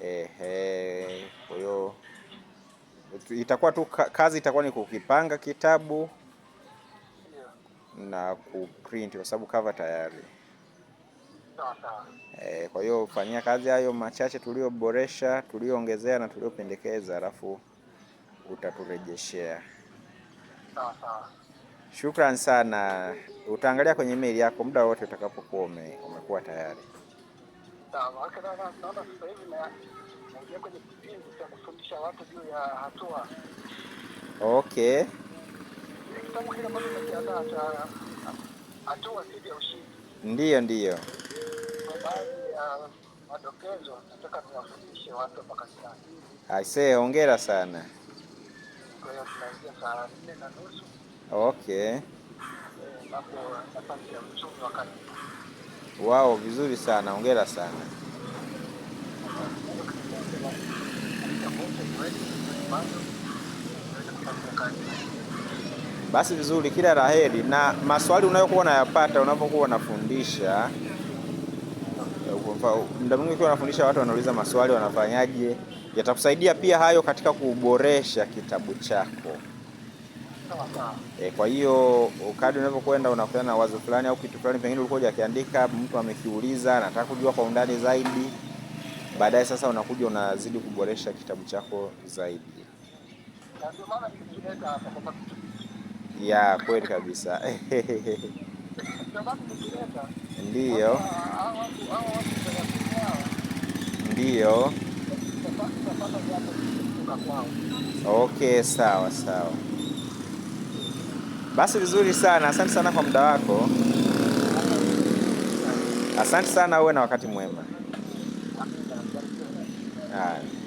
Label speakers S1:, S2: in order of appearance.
S1: Ehe, kwa hiyo itakuwa tu kazi itakuwa ni kukipanga kitabu na kuprint kwa sababu cover tayari. E, kwa hiyo fanyia kazi hayo machache tulioboresha, tulioongezea na tuliopendekeza, alafu utaturejeshea. Shukran sana. Utaangalia kwenye email yako muda wote utakapokuwa umekuwa tayari
S2: sawa. Hata naona sasa hivi naingia kwenye kipindi cha kufundisha watu juu ya hatua.
S1: Okay,
S2: kitabu kile ambacho nakiandaa cha hatua si ya ushindi, ndiyo ndiyo, baadhi ya madokezo nataka niwafundishe watu mpaka sasa.
S1: Aisee, hongera sana.
S2: Kwa hiyo tunaingia saa nne na nusu.
S1: Okay. Eh,
S2: hapo nafasi ya uchumi wakati
S1: wao vizuri sana, hongera sana. Basi vizuri, kila laheri. Na maswali unayokuwa unayapata unapokuwa unafundisha, mda mwingi ukiwa unafundisha watu wanauliza maswali, wanafanyaje, yatakusaidia pia hayo katika kuboresha kitabu chako. E, kwa hiyo kadri unavyokwenda unakutana na wazo fulani au kitu fulani pengine ulikuwa akiandika mtu amekiuliza, anataka kujua kwa undani zaidi. Baadaye sasa unakuja unazidi kuboresha kitabu chako zaidi. Ya kweli kabisa. Ndiyo, ndiyo. Okay, sawa sawa. Basi vizuri sana, asante sana kwa muda wako. Asante sana, uwe na wakati mwema. Haya.